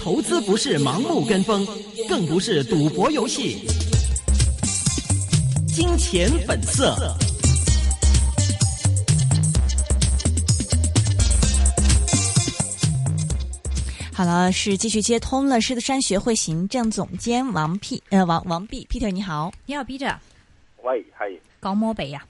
投資不是盲目跟風，更不是賭博遊戲。金錢本色。好了，是繼續接通了獅子山學會行政總監王弼，呃王王弼 Peter 你好，你好 Peter 喂，嗨，高莫北呀。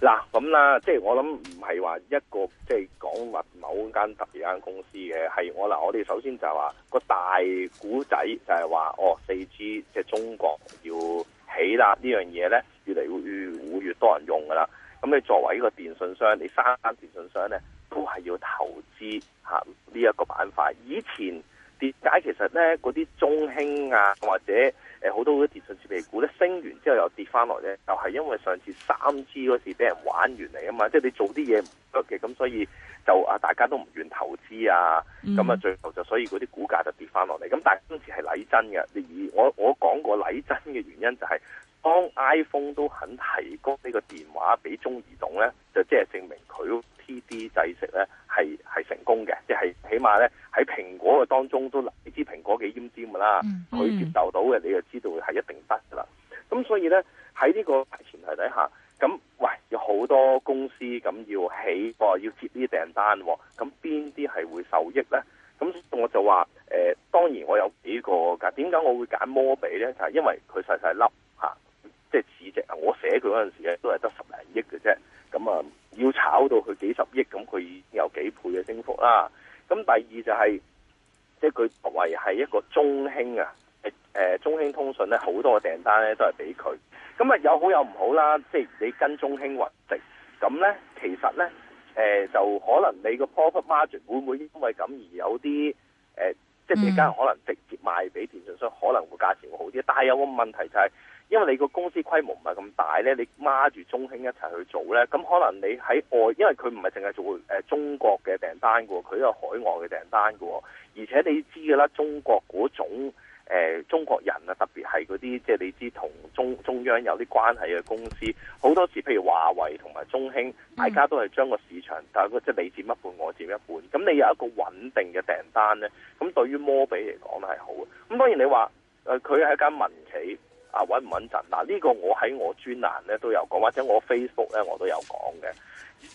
嗱，咁啦、啊，即係我諗唔係話一個即係講話某間特別間公司嘅，係我嗱，我哋首先就話個大古仔就係話哦，四 G 即係中國要起啦呢樣嘢咧，越嚟越會越，越多人用噶啦。咁你作為一個電信商，你三間電信商咧都係要投資吓呢一個板塊。以前。跌解其實咧，嗰啲中興啊，或者誒好多嗰啲電訊設備股咧，升完之後又跌翻落嚟，就係、是、因為上次 3G 嗰時俾人玩完嚟啊嘛，即、就、係、是、你做啲嘢唔得嘅，咁所以就啊大家都唔願意投資啊，咁啊最後就所以嗰啲股價就跌翻落嚟。咁但係今次係嚟真嘅，而我我講過嚟真嘅原因就係、是、當 iPhone 都肯提供呢個電話俾中移動咧，就即係證明佢。制呢啲製食咧係係成功嘅，即、就、係、是、起碼咧喺蘋果嘅當中都你知蘋果幾奄尖噶啦，佢、mm hmm. 接受到嘅你就知道係一定得噶啦。咁所以咧喺呢在這個前提底下，咁喂有好多公司咁要起、哦、要接呢啲訂單、哦，咁邊啲係會受益咧？咁我就話誒、呃，當然我有幾個㗎。點解我會揀摩比咧？就係、是、因為佢細細粒，吓，即係市值。我寫佢嗰陣時咧都係得十零億嘅啫。咁啊～要炒到佢幾十億咁，佢已經有幾倍嘅升幅啦。咁第二就係、是，即係佢作為係一個中興啊，誒、呃、誒中興通訊咧好多嘅訂單咧都係俾佢。咁啊有好有唔好啦，即係你跟中興運值咁咧，其實咧誒、呃、就可能你個 profit margin 會唔會因為咁而有啲誒、呃，即係其他人可能直接賣俾電信商，可能會價錢會好啲。但係有個問題就係、是。因為你個公司規模唔係咁大呢，你孖住中興一齊去做呢。咁可能你喺外，因為佢唔係淨係做中國嘅訂單嘅喎，佢都有海外嘅訂單嘅喎，而且你知嘅啦，中國嗰種、呃、中國人啊，特別係嗰啲即係你知同中中央有啲關係嘅公司，好多時譬如華為同埋中興，大家都係將個市場，但係即係你佔一半，我佔一半，咁你有一個穩定嘅訂單呢，咁對於摩比嚟講係好。咁當然你話呃佢係間民企。不啊，穩唔穩陣？嗱，這，呢個我喺我專欄咧都有講，或者我 Facebook 咧我都有講嘅。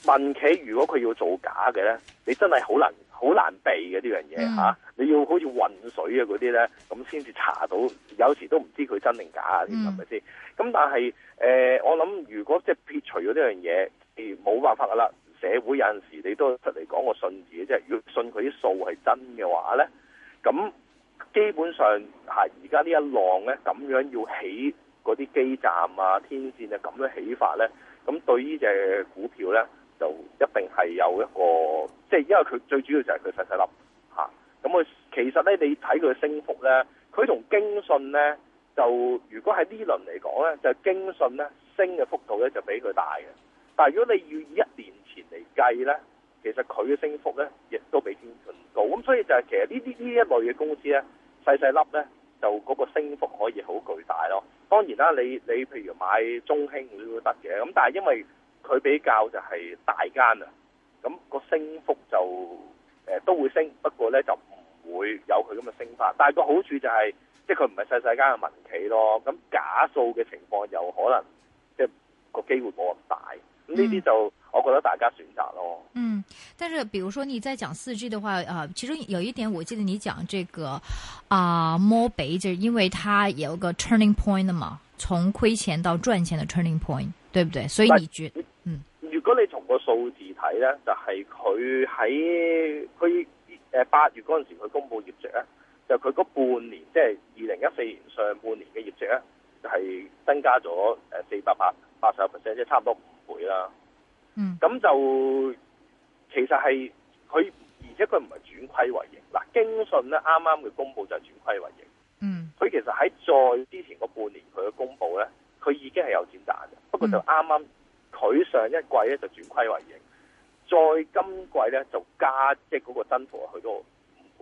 民企如果佢要做假嘅咧，你真係好難好難避嘅呢樣嘢吓。你要好似渾水啊嗰啲咧，咁先至查到。有時都唔知佢真定假啊？呢係咪先？咁但係誒、呃，我諗如果即係撇除咗呢樣嘢，冇、欸、辦法噶啦。社會有陣時候你都出嚟講個信字嘅啫。要信佢啲數係真嘅話咧，咁。基本上嚇，而家呢一浪咧咁樣要起嗰啲基站啊、天線啊咁樣起法咧，咁對呢隻股票咧就一定係有一個，即係因為佢最主要就係佢細細粒嚇。咁佢，其實咧你睇佢升幅咧，佢同京信咧就如果喺呢輪嚟講咧，就係京信咧升嘅幅度咧就比佢大嘅。但係如果你要以一年前嚟計咧。其實佢嘅升幅咧，亦都比天高。咁所以就係其實呢啲呢一類嘅公司咧，細細粒咧，就嗰個升幅可以好巨大咯。當然啦，你你譬如買中興都得嘅。咁但係因為佢比較就係大間啊，咁個升幅就誒、呃、都會升，不過咧就唔會有佢咁嘅升法。但係個好處就係、是，即係佢唔係細細間嘅民企咯。咁假數嘅情況有可能，即係個機會冇咁大。呢啲、嗯、就，我覺得大家選擇咯。嗯，但是，比如說你再講四 G 的話，啊，其中有一點，我記得你講這個，啊，摩比就是、因為他有個 turning point 嘛，從虧錢到賺錢的 turning point，對不對？所以你覺得，嗯，如果你從個數字睇咧，嗯、就係佢喺佢誒八月嗰陣時佢公布業績咧，就佢嗰半年即係二零一四年上半年嘅業績咧，就係、是、增加咗誒四百八八十 percent，即係差唔多。啊，嗯，咁就其實係佢，而且佢唔係轉虧為盈。嗱，京信咧啱啱佢公布就係轉虧為盈，嗯，佢其實喺再之前個半年佢嘅公布咧，佢已經係有轉大嘅，不過就啱啱佢上一季咧就轉虧為盈，嗯、再今季咧就加，即係嗰個增幅去到五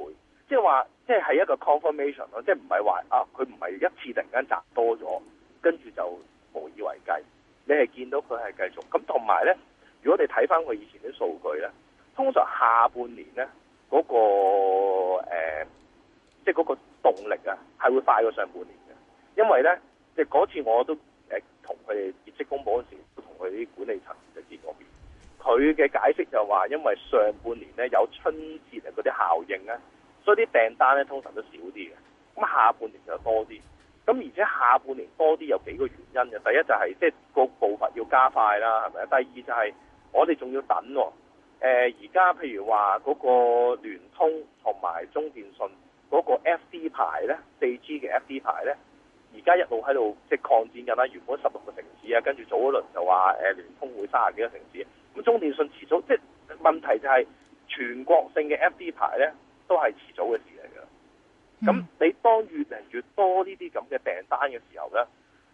倍，即係話即係係一個 confirmation 咯，即係唔係話啊，佢唔係一次突然間賺多咗，跟住就無以為繼。你係見到佢係繼續咁，同埋咧，如果你睇翻佢以前啲數據咧，通常下半年咧嗰個誒，即係嗰個動力啊，係會快過上半年嘅。因為咧，即係嗰次我都誒同佢哋業績公佈嗰時，都同佢啲管理層就見過面。佢嘅解釋就話，因為上半年咧有春節啊嗰啲效應咧，所以啲訂單咧通常都少啲嘅。咁下半年就多啲。咁而且下半年多啲有幾個原因嘅，第一就係即係個步伐要加快啦，係咪啊？第二就係我哋仲要等喎、哦。呃，而家譬如話嗰個聯通同埋中電信嗰個 F d 牌咧，四 g 嘅 F d 牌咧，而家一路喺度即係擴展緊啦，原本十六個城市啊，跟住早一輪就話誒聯通會卅幾個城市，咁中電信遲早即係問題就係全國性嘅 F d 牌咧，都係遲早嘅事。咁你當越嚟越多呢啲咁嘅訂單嘅時候呢，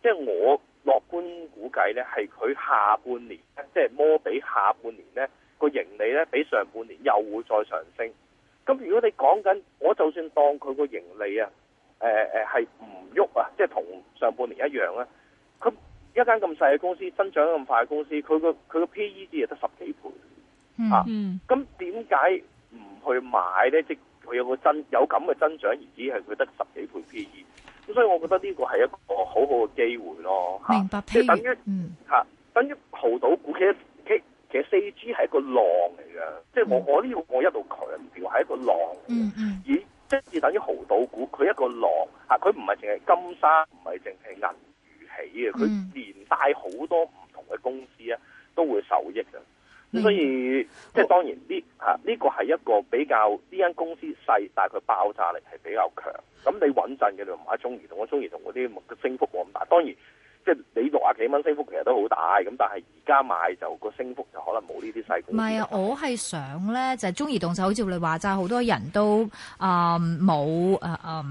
即係我樂觀估計呢，係佢下半年，即係摩比下半年呢個盈利呢，比上半年又會再上升。咁如果你講緊，我就算當佢個盈利啊，誒誒係唔喐啊，即係同上半年一樣咧，佢一間咁細嘅公司，增長咁快嘅公司，佢個佢個 P E 值又得十幾倍，嗯嗯啊，咁點解唔去買呢？即佢有個增有咁嘅增長，而只係佢得十幾倍 PE，咁所以我覺得呢個係一個好好嘅機會咯。明白，即係等於嚇，等於濠賭股。其實其實四 G 係一個浪嚟嘅，即係我我呢個我一路強調係一個浪。嗯嗯。而即係等於濠賭股，佢一個浪嚇，佢唔係淨係金沙，唔係淨係銀娛起嘅，佢、嗯、連帶好多唔同嘅公司都會受益嘅。所以、嗯、即係當然。呢個係一個比較，呢間公司細，但係佢爆炸力係比較強。咁你穩陣嘅就唔買中移動，我中移動嗰啲佢升幅冇咁大。當然，即係你。幾蚊升幅其實都好大，咁但係而家買就、個升幅就可能冇呢啲細。唔係啊，我係想咧，就係、是、中移動就好似你話齋，好多人都啊冇啊啊，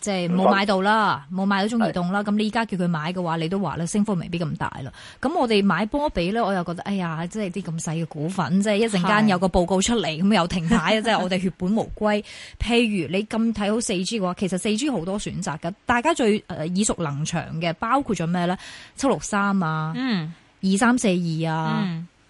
即係冇買到啦，冇、嗯、買到中移動啦。咁是你依家叫佢買嘅話，你都話啦，升幅未必咁大啦。咁我哋買波比咧，我又覺得哎呀，即係啲咁細嘅股份，即係一陣間有個報告出嚟咁是又停牌，即係我哋血本無歸。 譬如你咁睇好四 G 嘅話，其實四 G 好多選擇㗎，大家最、呃、耳熟能詳嘅，包括咗咩咧？七六。三啊，二三四二啊，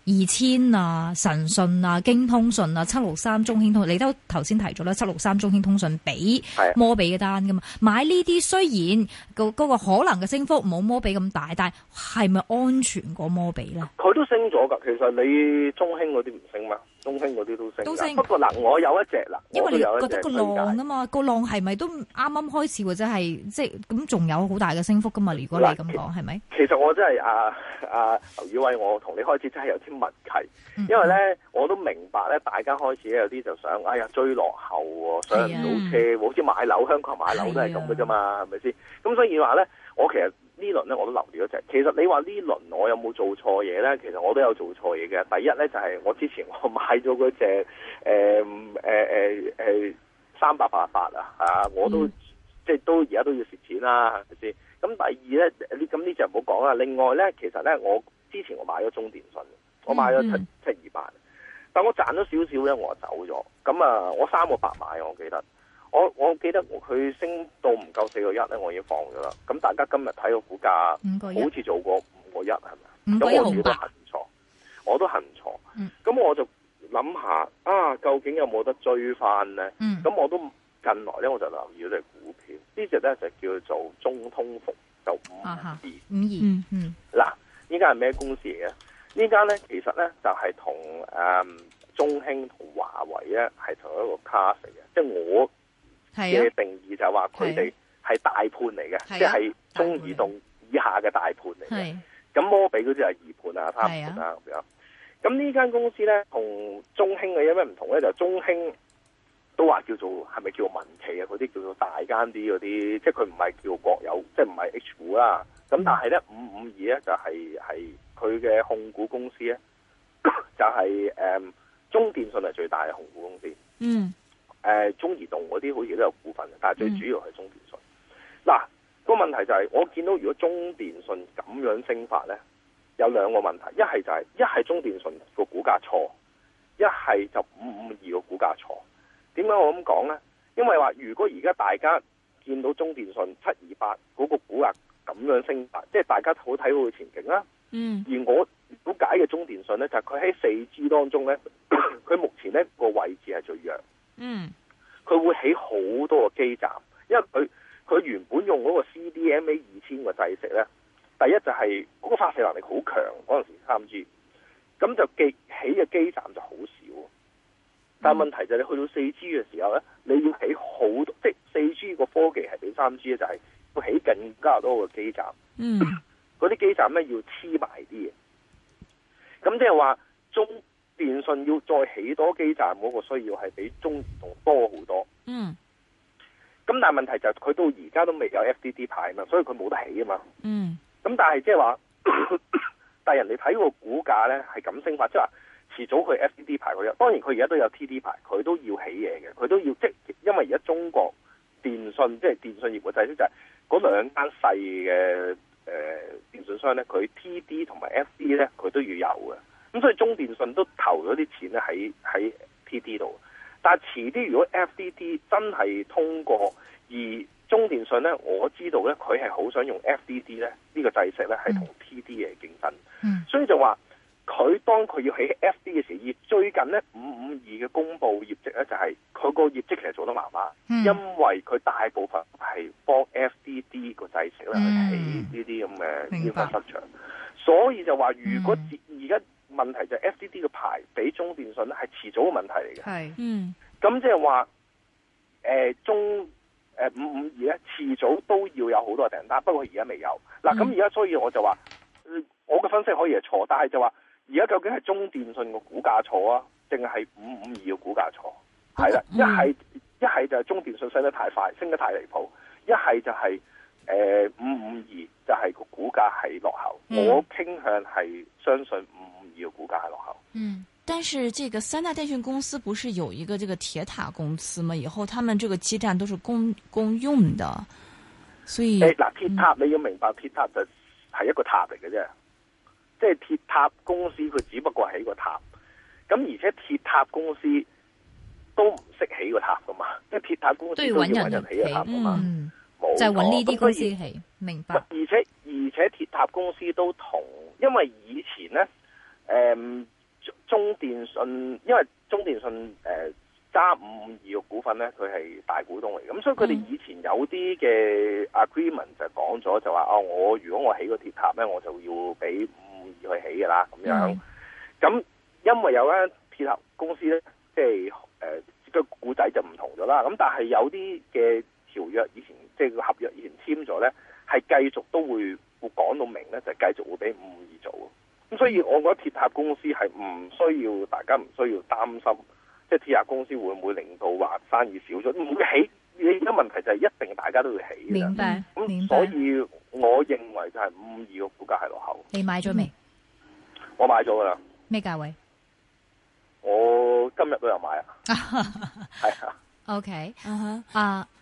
二千、嗯、啊，神信啊，京通信啊，七六三中興通信，你都頭先提咗啦，七六三中興通訊畀摩比嘅單噶嘛，的買呢啲雖然嗰個可能嘅升幅冇摩比咁大，但係係咪安全過摩比咧？佢都升咗噶，其實你中興嗰啲唔升嘛？中興嗰啲都升，不過嗱，我有一隻啦。隻因為你覺得個浪啊嘛，就是、個浪係咪都啱啱開始或者係即係咁，仲、就是就是、有好大嘅升幅噶嘛？如果你咁講，係咪實？是是其實我真係阿阿劉宇偉，我同你開始真係有啲默契，嗯嗯因為咧我都明白咧，大家開始有啲就想，哎呀追落後，上唔到車，啊、我好似買樓，香港買樓都係咁噶啫嘛，係咪先？咁所以話咧，我其實。輪呢輪咧我都留意咗隻，其實你話呢輪我有冇做錯嘢咧？其實我都有做錯嘢嘅。第一咧就係、是、我之前我買咗嗰隻誒誒誒三百八八,八啊嚇，我都、嗯、即係都而家都要蝕錢啦，係咪先？咁第二咧呢咁呢隻唔好講啦。另外咧，其實咧我之前我買咗中電信，我買咗七、嗯、七二八，但我賺咗少少咧，我就走咗。咁啊，我三個八買我記得。我我記得佢升到唔夠四個一咧，我已經放咗啦。咁大家今日睇個股價，五個一？好似做過五個一係咪？咁五個一。咁我自己都行錯，我都行錯。咁、嗯、我就諗下啊，究竟有冇得追翻咧？咁、嗯、我都近來咧，我就留意咗隻股票，這隻呢隻咧就叫做中通服，就五二五二。嗱、啊，呢間係咩公司嚟嘅？呢間咧其實咧就係同誒中興同華為咧係同一個卡嚟嘅，即係我。嘅定義就係話佢哋係大盤嚟嘅，即係中移動以下嘅大盤嚟嘅。咁的摩比嗰啲係二盤啊，三盤啊咁樣。咁呢間公司咧，同中興嘅有咩唔同咧？就中興都話叫做係咪叫民企啊？嗰啲叫做大間啲嗰啲，即係佢唔係叫國有，即係唔係 H 股啦、啊。咁的但係咧，五五二咧就係係佢嘅控股公司咧， 就係誒中電信係最大嘅控股公司。嗯。誒，中移動嗰啲好似都有股份嘅，但係最主要係中電訊。嗱、嗯、個問題就係、是，我見到如果中電訊咁樣升法咧，有兩個問題，一係就係、是、一係中電訊個股價錯，一係就五五二個股價錯。點解我咁講咧？因為話如果而家大家見到中電訊七二八嗰個股價咁樣升法，即、就、係、是、大家好睇好嘅前景啦、啊。嗯，而我估解嘅中電訊咧，就係佢喺四 G 當中咧，佢目前咧、那個位置係最弱。嗯，佢會起好多個基站，因為佢佢原本用嗰個 CDMA 二千個制式咧，第一就係嗰個發射能力好強，嗰陣時三 G，咁就記起嘅基站就好少。但係問題就係你去到四 G 嘅時候咧，你要起好多，即係四 G 個科技係比三 G 咧就係要起更加多嘅基站。嗯，嗰啲基站咧要黐埋啲嘅，咁即係話中。電信要再起多基站嗰個需要係比中移動多好多。嗯，咁但係問題就係佢到而家都未有 FDD 牌嘛，所以佢冇得起啊嘛。嗯，咁但係即係話，但係人哋睇個股價咧係咁升法，即係話遲早佢 FDD 牌佢有，當然佢而家都有 TD 牌，佢都要起嘢嘅，佢都要即係因為而家中國電信即係、就是、電信業嘅制度就係嗰兩間細嘅誒電信商咧，佢 TD 同埋 FDD 咧佢都要有嘅。咁所以中電信都投咗啲錢咧喺喺 T D 度，但係遲啲如果 F D D 真係通過，而中電信咧我知道咧佢係好想用 F D D 咧呢個制式咧係同 T D 嘅競爭，嗯、所以就話佢當佢要起 F D 嘅時候，而最近咧五五二嘅公布業績咧就係佢個業績其實做得麻麻，嗯、因為佢大部分係幫 F D D 個制式咧起呢啲咁嘅優化場，白所以就話如果截問題就係 FDD 嘅牌俾中電訊咧係遲早嘅問題嚟嘅，係，嗯，咁即係話，誒、呃、中誒、呃、五五二咧遲早都要有好多訂單，不過而家未有，嗱，咁而家所以我就話，嗯、我嘅分析可以係錯，但係就話而家究竟係中電訊嘅股價錯啊，定係五五二嘅股價錯？係啦、嗯，一係一係就係中電訊升得太快，升得太離譜；一係就係誒五五二就係個股價係落後，嗯、我傾向係相信五。要估價係落後，嗯，但是這個三大電訊公司不是有一個這個鐵塔公司嘛？以後他們這個基站都是公公用的，所以嗱，鐵、欸嗯、塔你要明白，鐵塔就係、是、一個塔嚟嘅啫，即係鐵塔公司佢只不過起個塔，咁而且鐵塔公司都唔識起個塔噶嘛，即係鐵塔公司都要揾人起個塔噶嘛，冇就揾呢啲公司起，也明白？而且而且鐵塔公司都同，因為以前呢。誒、嗯、中電信，因為中電信誒揸五五二嘅股份咧，佢係大股東嚟，咁、嗯、所以佢哋以前有啲嘅 agreement 就講咗，就話啊，我如果我起個鐵塔咧，我就要俾五五二去起噶啦，咁樣、嗯、樣。咁因為有間鐵塔公司咧，即係誒個古仔就唔、是呃、同咗啦。咁但係有啲嘅條約以前即係個合約以前簽咗咧，係繼續都會會講到明咧，就繼續會俾五五二做。咁所以，我覺得鐵塔公司係唔需要大家唔需要擔心，即係鐵塔公司會唔會令到話生意少咗？唔會起，唯一問題就係一定大家都要起㗎。明白。咁，嗯，明白。所以，我認為就係五二個股價係落後。你買咗未？我買咗啦。咩價位？我今日都有買啊 是啊。係啊、Okay. uh。OK，、huh. 啊、uh。Huh.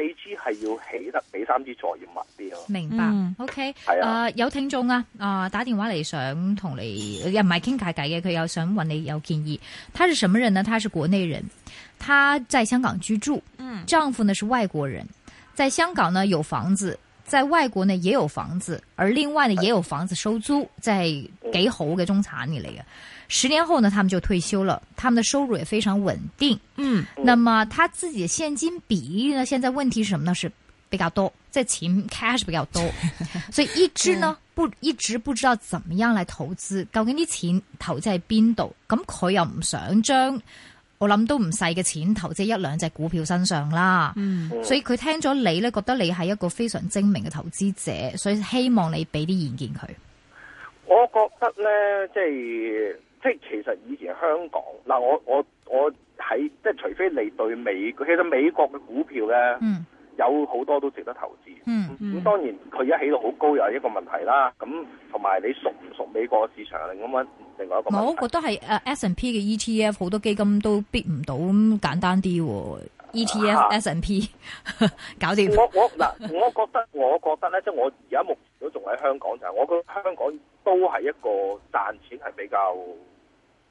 你知係要起得比三 G 再要密啲咯，明白，嗯，OK，uh，啊。有聽眾啊，啊打電話嚟想同你，又唔係傾偈偈嘅，佢又想問你有建議。他是什麼人呢？他是國內人，他在香港居住。嗯，丈夫呢是外國人，在香港呢有房子，在外國呢也有房子，而另外呢的也有房子收租，即係幾好嘅中產嚟嘅。十年後呢，他們就退休了，他們的收入也非常穩定。嗯，那麼他自己的現金比例呢？現在問題是什麼呢？是比較多，即係錢 cash 比較多， 所以一直呢、嗯、不一直不知道怎麼樣來投資，究竟啲錢投資喺邊度？咁佢又唔想將我諗都唔細嘅錢投資喺一兩隻股票身上啦。嗯，所以佢聽咗你呢覺得你係一個非常精明嘅投資者，所以希望你俾啲意見佢。我覺得呢即係。即係其實以前香港嗱，我我我喺即係除非你對美，其實美國嘅股票咧，嗯、有好多都值得投資、嗯。嗯咁當然佢一起到好高又係一個問題啦。咁同埋你熟唔熟美國嘅市場係另外一個問題。我覺得係誒 S&P 嘅 ETF 好多基金都 beat 唔到，咁、嗯、簡單啲喎。ETF S&、啊、P 搞掂。我我嗱，我覺得我覺得咧，即係我而家目。如果仲喺香港就係，我覺得香港都係一個賺錢係比較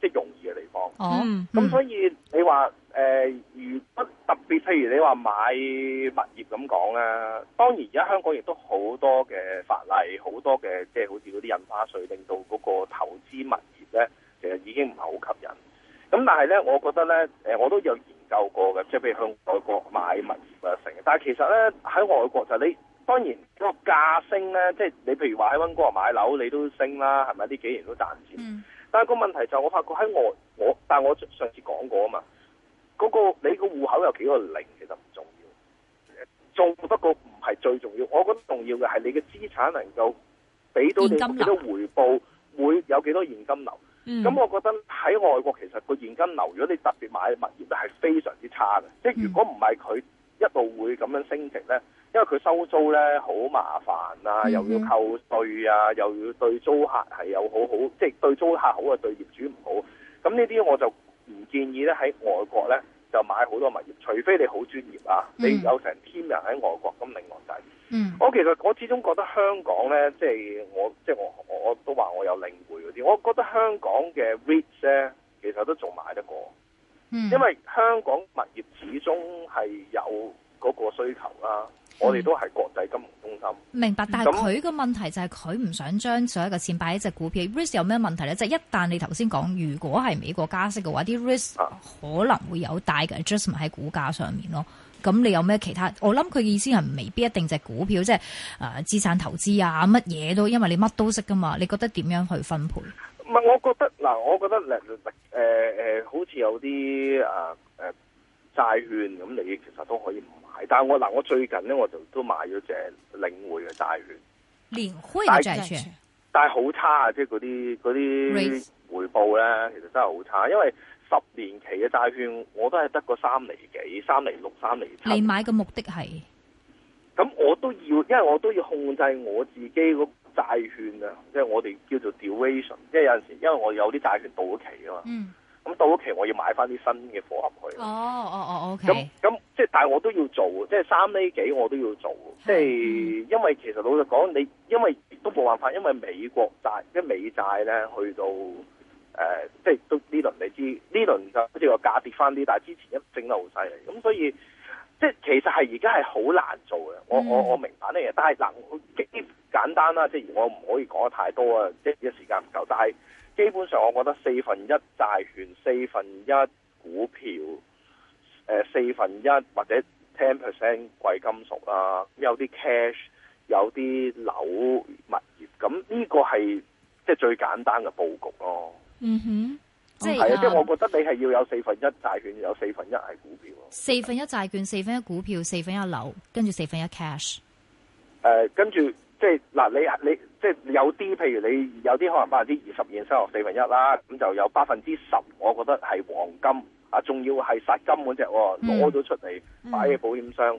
即係、就是、容易嘅地方。哦、嗯，咁、嗯、所以你話誒，如、呃、特別譬如你話買物業咁講咧，當然而家香港亦都好多嘅法例，多就是、好多嘅即係好似嗰啲印花稅，令到嗰個投資物業咧，其實已經唔係好吸引。咁但係咧，我覺得咧，誒我都有研究過嘅，即係譬如向外國買物業啊成，但係其實咧喺外國就係你。當然個價升咧，即係你譬如話喺溫哥華買樓，你都升啦，係咪？呢幾年都賺錢。嗯、但係個問題就我發覺喺外，我但我上次講過啊嘛，嗰、個你個戶口有幾個零其實唔重要，做不過唔係最重要。我覺得重要嘅係你嘅資產能夠俾到你幾多回報，會有幾多現金流。咁、嗯、我覺得喺外國其實個現金流，如果你特別買物業咧，係非常之差嘅。嗯、即係如果唔係佢一路會咁樣升值咧。因為佢收租咧好麻煩啊，又要扣稅啊，嗯、又要對租客係有好好，即、就、係、是、對租客好啊，就是、對業主唔好。咁呢啲我就唔建議咧喺外國咧就買好多物業，除非你好專業啊，你有成 team 人喺外國，咁另外我睇。嗯、我其實我始終覺得香港咧，即、就、係、是、我即係、就是、我我都話我有領匯嗰啲，我覺得香港嘅 REIT 咧，其實都仲買得過，嗯、因為香港物業始終係有嗰個需求啦、啊。嗯、我哋都係國際金融中心。明白，但係佢個問題就係佢唔想將所有嘅錢擺喺隻股票。Risk、嗯、有咩問題咧？即、就、係、係、一旦你頭先講，如果係美國加息嘅話，啲 risk 可能會有大嘅 adjustment 喺股價上面咯。咁你有咩其他？我諗佢意思係未必一定隻股票，即係誒資產投資啊，乜嘢都，因為你乜都識噶嘛。你覺得點樣去分配？唔係，我覺得嗱，我覺得誒好似有啲誒誒債券咁，你其實都可以唔。但係我嗱，我最近咧我就都買咗隻領匯嘅債券，年匯嘅債券，但係好差啊！即係嗰啲嗰啲回報咧，其實真係好差，因為十年期嘅債券我都係得個三厘幾、三厘六、三厘七。你買嘅目的係？咁我都要，因為我都要控制我自己個債券啊，即係我哋叫做 duration，即係有陣時，因為我有啲債券到期啊嘛。嗯咁到期我要買翻啲新嘅貨合去。哦、oh, okay.，哦，哦，OK。咁咁即係，但係我都要做，即係三釐幾我都要做。即、就、係、是、因為其實老實講，你因為都冇辦法，因為美國債即係美債咧，去到誒、呃，即係都呢輪你知道，呢輪就好似個價跌翻啲，但係之前一整得好犀利。咁所以即係其實係而家係好難做嘅。我、mm. 我我明白呢樣，但係嗱，極簡單啦，即係我唔可以講得太多啊，即係一時間唔夠，但係。基本上，我覺得四分一債券、四分一股票、誒、呃、四分一或者 ten percent 貴金屬啦、啊，有啲 cash，有啲樓物業，咁呢個係即係最簡單嘅佈局咯。嗯哼、mm，即係即係，即係、我覺得你係要有四分一債券，有四分一係股票，四分一債券、係四分一股票、四分一樓，跟住四分一 cash。誒、呃，跟住。即係嗱，你你即係有啲，譬如你有啲可能百分之二十，已經收落四分一啦，咁就有百分之十，我覺得係黃金，啊，仲要係實金嗰隻攞咗出嚟擺喺保險箱，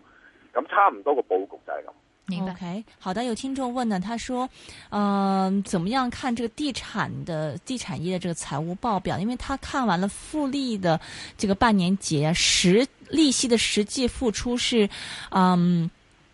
咁、嗯、差唔多個佈局就係咁。明白。Okay, 好的，有聽眾問呢，佢嗯、呃，怎點樣看這個地產的地產業的這個財務報表？因為他看完了富力的這個半年結實利息的實際付出是，嗯、呃。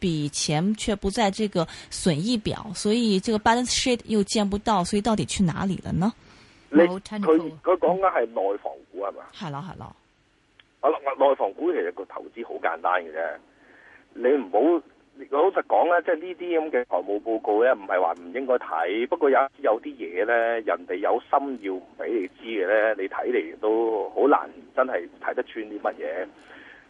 筆錢卻不在這個損益表，所以這個 balance sheet 又見不到，所以到底去哪裏了呢？你佢佢講緊係內房股係嘛？係咯，係咯，我內房股其實個投資好簡單嘅啫，你唔好，我老實講咧，即係呢啲咁嘅財務報告咧，唔係話唔應該睇，不過有有啲嘢咧，人哋有心要唔俾你知嘅咧，你睇嚟都好難真係睇得穿啲乜嘢。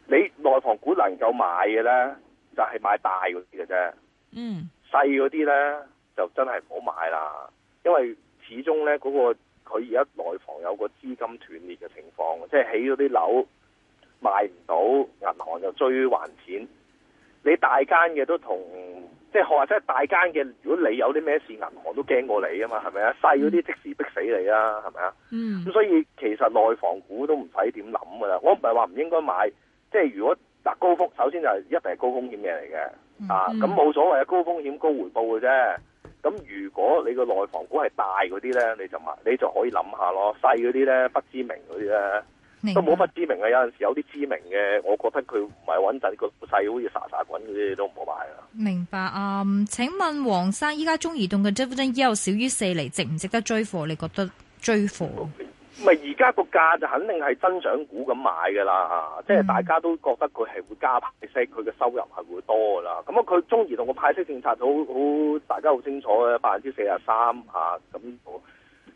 你內房股能夠買嘅咧？就係買大嗰啲嘅啫，嗯、細嗰啲呢，就真係唔好買啦，因為始終呢嗰、嗰個佢而家內房有個資金斷裂嘅情況，即係起嗰啲樓賣唔到，銀行就追還錢。你大間嘅都同即係學話，即係大間嘅，如果你有啲咩事，銀行都驚過你啊嘛，係咪啊？細嗰啲即時逼死你啊，係咪啊？咁、嗯、所以其實內房股都唔使點諗㗎啦，我唔係話唔應該買，即係如果。嗱，高風險首先就係一定係高風險嘅嚟嘅。嗯、啊咁冇所謂啊，高風險高回報嘅啫。咁如果你個內房股係大嗰啲咧，你就買，你就可以諗下咯。細嗰啲咧，不知名嗰啲咧，白都冇不知名嘅。有陣時候有啲知名嘅，我覺得佢唔係穩陣，個細好似沙沙滾嗰啲都唔好買啦。明白啊、嗯？請問王生，依家中移動嘅 e 幅真係後少於四厘，值唔值得追貨？你覺得追貨？嗯嗯咪而家個價就肯定係增長股咁買㗎啦嚇，即係大家都覺得佢係會加派息，佢嘅收入係會多㗎啦。咁啊，佢中移動個派息政策好好，大家好清楚嘅，百分之四十三嚇，咁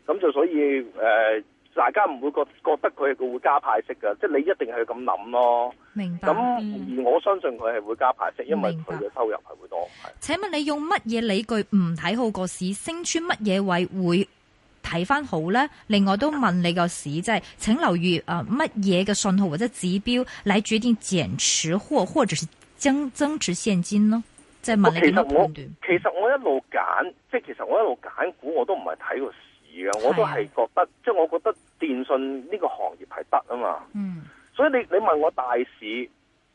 咁就所以，呃、大家唔會覺覺得佢佢會加派息㗎，即係你一定係咁諗咯。明白。咁而我相信佢係會加派息，因為佢嘅收入係會多。明白。係。請問你用乜嘢理據唔睇好個市升穿乜嘢位會？睇翻好咧，另外都問你個市，即係請留意誒乜嘢嘅信號或者指標來決定，嚟減持貨或或者係增增持現金咯？即係問你點樣判斷？其實，其實我一路揀，即係其實我一路揀股我唔係睇，我都唔係睇個市嘅，我都係覺得，是啊、即係我覺得電信呢個行業係得啊嘛。嗯，所以你你問我大市，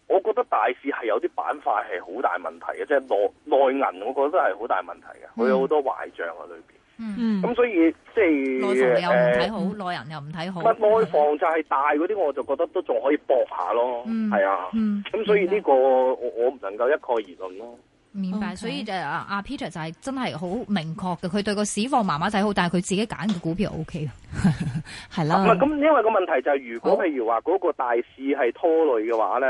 我覺得大市係有啲板塊係好大問題嘅，即係內內銀，我覺得係好大問題嘅，佢有好多壞賬啊裏、嗯嗯，咁、嗯、所以即係內房又唔睇好，內、呃、人又唔睇好，外房就係大嗰啲，我就覺得都仲可以搏一下咯，係、嗯、啊，咁所以呢個我我唔能夠一概而論咯。明白，所以就阿、是、阿 Okay,、啊、Peter 就係真係好明確嘅，佢對個市況麻麻仔好，但係佢自己揀嘅股票 O K 係啦。咁、啊，哦、因為個問題就係如果譬如話嗰個大市係拖累嘅話咧，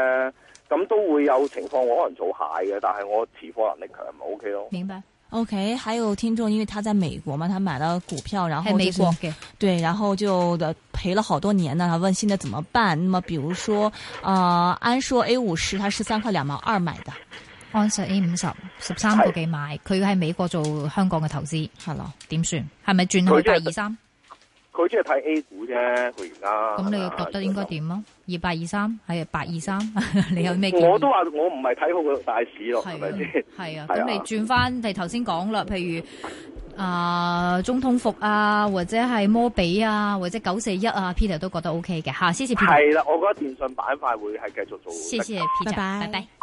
咁都會有情況我可能做蟹嘅，但係我持貨能力強咪 O K 咯。明白。OK，還有聽眾，因為他在美國嘛，他買了股票，然後、就是、在美國的，對，然後就賠了好多年呢、啊。他問現在怎麼辦？那麼，比如說，啊、呃，安碩 A 五十，他十三塊兩毛二買的，安碩 A 五十十三個幾買，佢要喺是美國做香港嘅投資，係咯，點算？係咪轉去八二三？佢只係睇 A 股啫，佢而家咁你覺得應該點啊？二八二三係啊，八二三，你有咩？我都話我唔係睇好個大市咯，係咪先？係啊，咁你轉翻你頭先講啦，譬如啊、呃、中通服啊，或者係摩比啊，或者九四一啊，Peter 都覺得 OK 嘅嚇。謝謝、e、Peter。係啦、啊，我覺得電訊板塊會係繼續做。謝謝 Peter，拜拜 bye。Bye bye